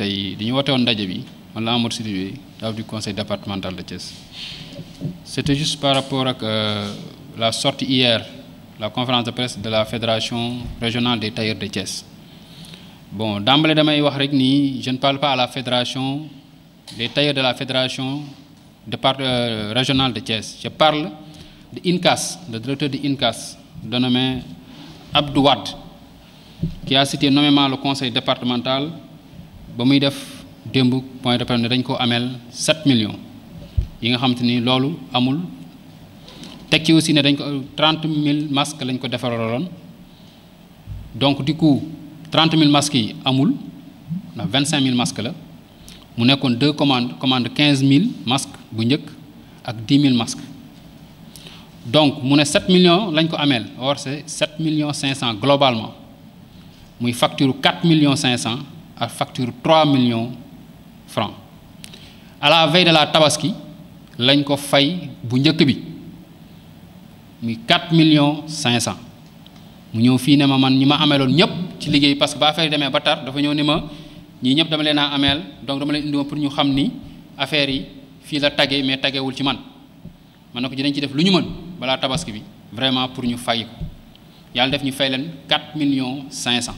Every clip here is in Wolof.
Je la conseil départemental de Thiès c'était juste par rapport à euh, la sortie hier la conférence de presse de la fédération régionale des tailleurs de Thiès bon d'emblée damay wax rek je ne parle pas à la fédération des tailleurs de la fédération euh, régionale de Thiès je parle de INCAS le directeur de INCAS de nommé Abdouad, qui a cité nommément le conseil départemental ba muy def démb point de 7 millions yi nga ni loolu amul teg aussi 30 000 masques donc du coup 30 000 masques yi amul 25 000 masques la a deux commandes 15 000 masques et 10 000 masques donc mu 7 millions lañ ko or c'est 7 millions 500 globalement muy facture 4 millions 500 à facture 3 millions francs à la veille de la tabaski lañ ko fay bu njëkk bi muy 4 millions 500 mu ñëw fii ne ma man ñi ma ameeloon ñëpp ci liggéey parce que ba affaire yi demee ba tar dafa ñëw ni ma ñëpp dama leena amel donc dama leen indiwoon pour ñu xam ni affaire yi fi la tagué mais tagué wul ci man man na ko dinañ ci def lu ñu mën bala tabaski bi vraiment pour ñu fay ko yàlla def ñu fay leen 4 millions 500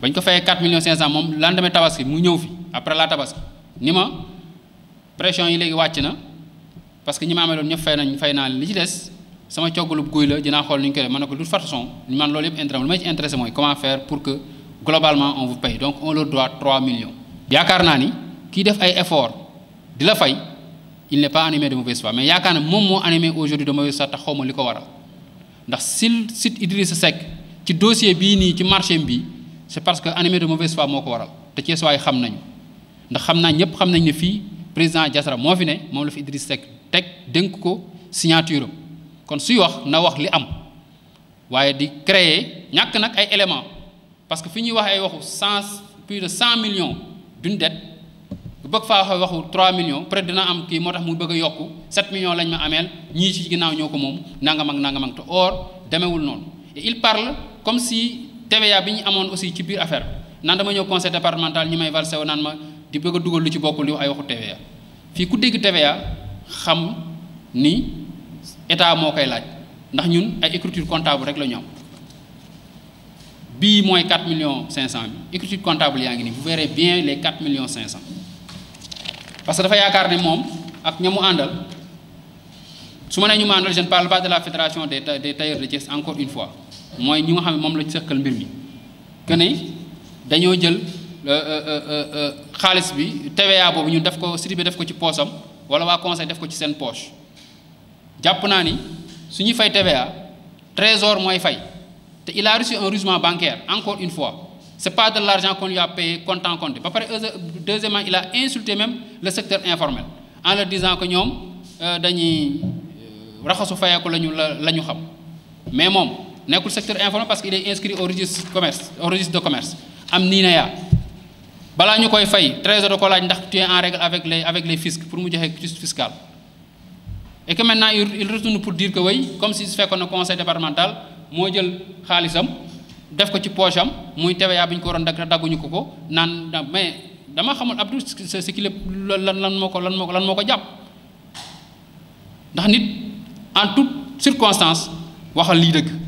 bañ ko fayee 4 millions 500 moom lendemain tabaski mu ñëw après la tabaski ni pression yi léegi parce que ñi ma amee fay li ci des sama coggalub guy la dinaa xool ñu ko de façon man loolu comment faire pour que globalement on vous paye donc on leur doit 3 millions. yaakaar naa ni kii def ay effort de la fay il n'est pas animé de mauvaise foi mais yaakaar na animé aujourd'hui de mauvaise foi waral ndax site Idrissa sec ci dossier bii ci marché c'est parce que animé de mauvaise foi moko waral te ci waay xam nañu ndax xam naa ñëpp xam nañ ne fi président Diattara mo fi ne mom la fi Idriss Seck tek dénk ko signature kon suy wax na wax li am waye di créer ñak nak ay éléments parce que fiñuy ñuy wax ay waxu cent plus de 100 millions d'une dette bu bëgg faa waxu 3 millions près dina am kii moo tax mu bëgg a yokku sept millions lañ ma ameel ñii ci ginnaaw ñoo ko moom nangam ak nangam ak te or demewul noonu et il parle comme si. TVA bi ñu aussi ci biir affaire naan dama ñëw conseil départemental ñi may valsé naan ma di bëgg a dugal lu ci bokkul li waxu TVA fii ku dégg TVA xam ni état moo koy laaj ndax ñun ay écriture comptable rek la ñu am bii 4 500 bi écriture comptable yaa ngi vous verrez bien les 4 500 000. parce que dafa yaakaar ne moom ak ñamu àndal su ma ñu je ne parle pas de la fédération des des tailleurs de Thiès encore une fois mooy ñi nga xam ne moom la ci sekkal mbir mi que ne dañoo jël euh, euh, euh, xaalis bi TVA boobu ñu def ko site bi def ko ci poosam wala waa conseil def ko ci seen poche jàpp naa ni fay TVA trésor mooy fay te il a reçu un règlement bancaire encore une fois c'est pas de l'argent qu'on lui a payé comptant compte ba pare deuxièmement il a insulté même le secteur informel en leur disant que ñoom dañuy raxasu fayeeku la ñu la ñu xam mais moom nekul secteur informel parce qu'il est inscrit au registre commerce au registre de commerce am NINEA balaa ñu koy fay trésor da ko laaj ndax tu es en règle avec les avec les fiscs pour mu joxe juste fiscal et que maintenant il retourne pour dire que oui comme si fait na conseil départemental mo jël xaalisam def ko ci poche am muy TVA bi ko waroon dag daguñu ko ko nan mais dama xamul Abdou ce qui lan lan moko lan moko lan moko japp ndax nit en toute circonstance waxal li deug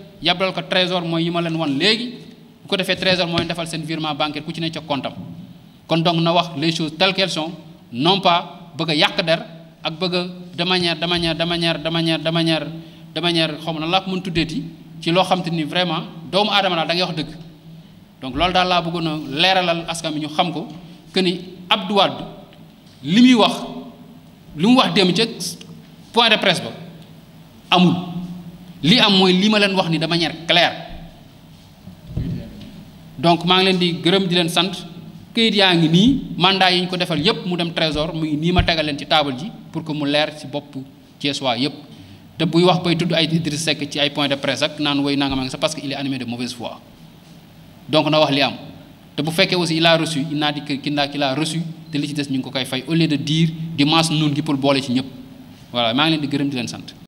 yablal ko trésor mooy yi ma leen wan léegi bu ko defee trésor mooy defal seen virement bancaire ku ci ne ca comptam kon donc na wax les choses telles qu'elles sont non pas bëgg a yàq der ak bëgg a de manière de manière de manière de xaw ma nan laa ko mën tuddeeti ci loo xam te ni vraiment doomu aadama daal da wax dëgg donc loolu daal laa bëggoon leeralal askan bi ñu xam ko que ni Abdou Wade li muy wax li mu wax dem ca point de presse ba amul. li am moy li ma wax ni de manière claire donc ma ngi len di gërëm di len sant keuyit yaangi ni mandat yiñ ko defal yépp mu dem trésor mu ni ma tégal len ci table ji pour que mu lèr ci ci Thiessois yépp te buy wax bay tudd ay Idriss Seck ci ay point de presse ak nan way nangam ak parce qu'il est animé de mauvaise foi donc na wax li am te bu fekkee aussi il a reçu il n'a dit que kindaa ki laa reçu te li ci dess ñu ko kay fay au lieu de dire dimanche noon gi pour bolé ci ñëpp voilà ma ngi len di gërëm di len sant